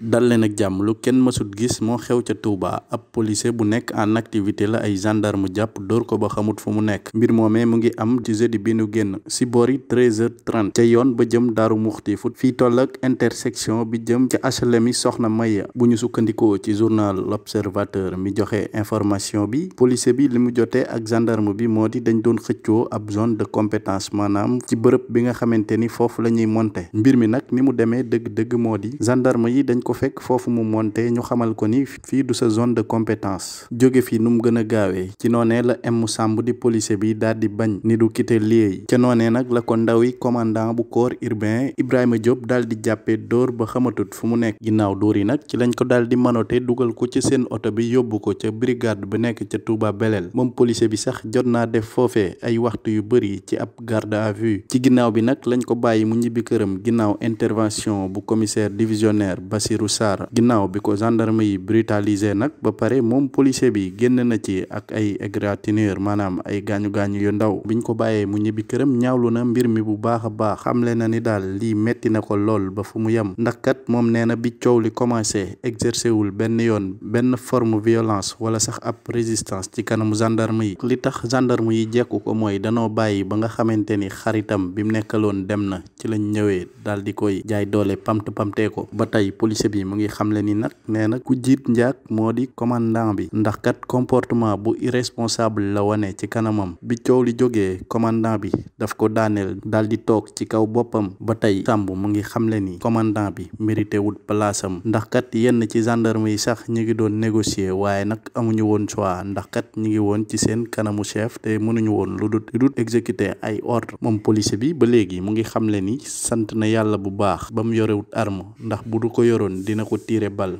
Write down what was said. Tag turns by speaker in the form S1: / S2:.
S1: dal leen ak jàmm lu kenn mësut gis moo xew ca Touba ab policier bu nekk en activité la ay gendarme jàpp door ko ba xamut fu mu nekk mbir moomee mu ngi am ci jeudi bi nu génn si boori 13h30 ca yoon ba jëm Daaru Muxti fu fii toll ak intersection bi jëm ca HLM yi Soxna Maya bu ñu sukkandikoo ci journal L'Observateur mi joxe information bi policier bi li mu jotee ak gendarme bi moo di dañ doon xëccoo ab zone de compétence maanaam ci bërëb bi nga xamante ni foofu la ñuy monte mbir mi nag ni mu demee dëgg-dëgg moo di ko fekk foofu mu monte ñu xamal ko ni fii du sa zone de compétence jóge fi nu mu gën gaawee ci noonee la M Samb di policier bi daal di bañ ni du quitter lieu yi ca noonee nag la ko ndawi commandant bu corps urbain Ibrahima Diop dal di jàppee door ba xamatut fu mu nekk ginnaaw door yi nag ci lañ ko daal di manote dugal ko ci seen oto bi yóbbu ko ca brigade ba nekk ca Touba Belel moom policier bi sax jot naa def foofe ay waxtu yu bëri ci ab garde à vue ci ginnaaw bi nag lañ ko bàyyi mu ñibbi këram Bassirou Sarr ginnaaw bi ko gendarme yi brutalisé nag ba pare moom policier bi génn na ci ak ay égratignure maanaam ay gaañu-gaañu yu ndaw biñ ko bàyyee mu ñibbi këram ñaawlu na mbir mi bu baax a baax xamle na ni daal lii metti na ko lool ba fu mu yem ndax kat moom nee na bi coow li commencé exercer wul benn yoon benn forme violence wala sax ab résistance ci kanamu gendarme yi li tax gendarme yi jekku ko mooy danoo bàyyi ba nga xamante ni xaritam bi mu nekkaloon dem na ci lañ ñëwee daal di ko ba tey bi mu ngi xamle ni nag nee na ku jiit njaag moo di commandant bi ndax kat comportement bu irresponsable la wane ci kanamam bi coow li jógee commandant bi daf ko daaneel daal di toog ci kaw boppam ba tey Samb mu ngi xamle ni commandant bi mérité wut palaasam ndax kat yenn ci gendarme yi sax ñu ngi doon négocier waaye nag amuñu woon choix ndax kat ñu ngi woon ci seen kanamu chef te mënuñu woon lu dul lu exécuter ay ordre moom policier bi ba léegi mu ngi xamle ni sant na yàlla bu baax ba mu yorewut arme dina ko tiire bal